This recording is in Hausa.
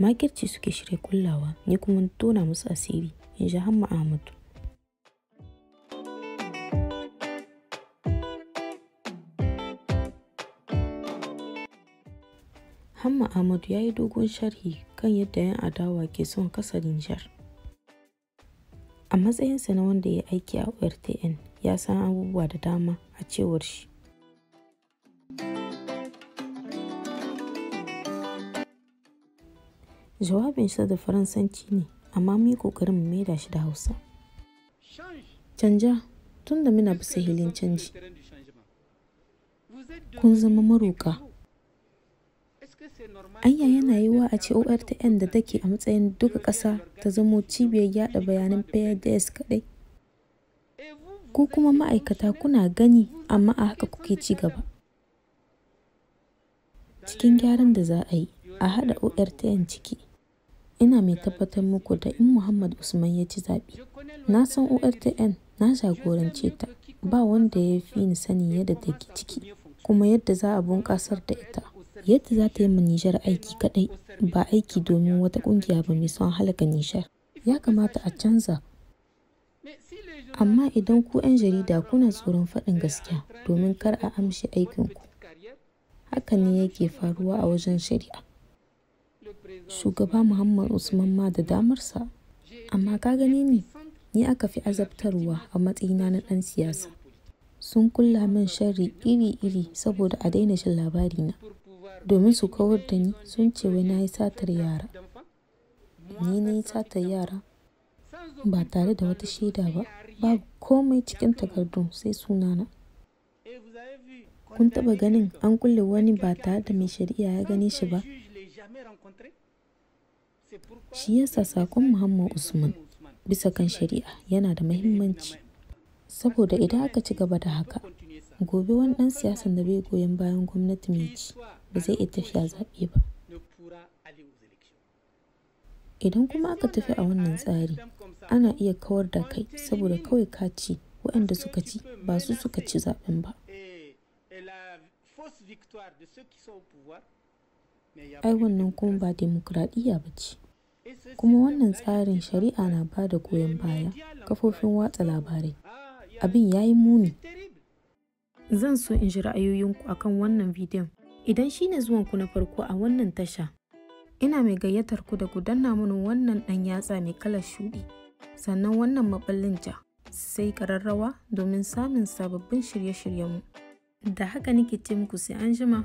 makirci suke shirya kullawa ni kuma tona musu asiri in ji hamma ahmadu hamma ahmadu ya yi dogon sharhi kan yadda yan adawa ke son kasa nijar a matsayinsa na wanda ya aiki a ortn ya san abubuwa da dama a cewar shi Jawabinsa da Faransanci ne, amma mu yi ƙoƙarin mu maida shi da Hausa. Canja tun da muna bisa hilin canji. Kun zama maroka. Anya yana wa a ce ORTN da take a matsayin duka ƙasa ta zamo cibiyar yada bayanan PDS kaɗai. Ko kuma ma'aikata kuna gani amma a haka kuke ci gaba. Cikin gyaran da za a yi, a haɗa ORTN ciki. Ina mai tabbatar muku da in Muhammad Usman ya ci zaɓe, na san ORTN na jagorance ta, ba wanda ya fi ni sani yadda ta ke ciki kuma yadda za a bunƙasar da ita. Yadda za ta yi ma Nijar aiki kaɗai ba aiki domin wata ƙungiya ba mai son halaka Nijar. Ya kamata a canza Amma idan ku 'yan jarida kuna tsoron faɗin gaskiya domin kar a amshi aikinku, hakan ne yake faruwa a wajen shari'a. shugaba muhammad usman ma da damarsa amma ka gane ni ni aka fi azabtarwa a matsayina na ɗan siyasa sun kulla min sharri iri-iri saboda a daina labari labarina domin su kawar da ni sun ce wai na yi satar yara ni na satar yara ba tare da wata shaida ba babu komai cikin takardun sai sunana kun taba ganin an kulle wani ba tare da mai shari'a ya gane shi ba Shi yasa saƙon Muhammad Usman bisa kan shari'a yana da mahimmanci. Saboda idan aka ci gaba da haka, gobe wani ɗan siyasan da bai goyon bayan gwamnati mai ci ba zai iya tafiya zaɓe ba. Idan kuma aka tafi a wannan tsari, ana iya kawar da kai saboda kawai ka ci waɗanda suka ci ba su suka ci zaɓen ba. ai wannan kuma ba demokradiyya ba ce kuma wannan tsarin shari'a na ba da goyon baya kafofin watsa labarai abin ya yi muni zan so in ji ra'ayoyinku a kan wannan bidiyon idan shi ne zuwanku na farko a wannan tasha ina mai gayyatar ku da ku danna mana wannan ɗan yatsa mai kalar shuɗi sannan wannan maɓallin ja sai kararrawa domin samun sababbin shirye-shiryenmu da haka nake ce muku sai an jima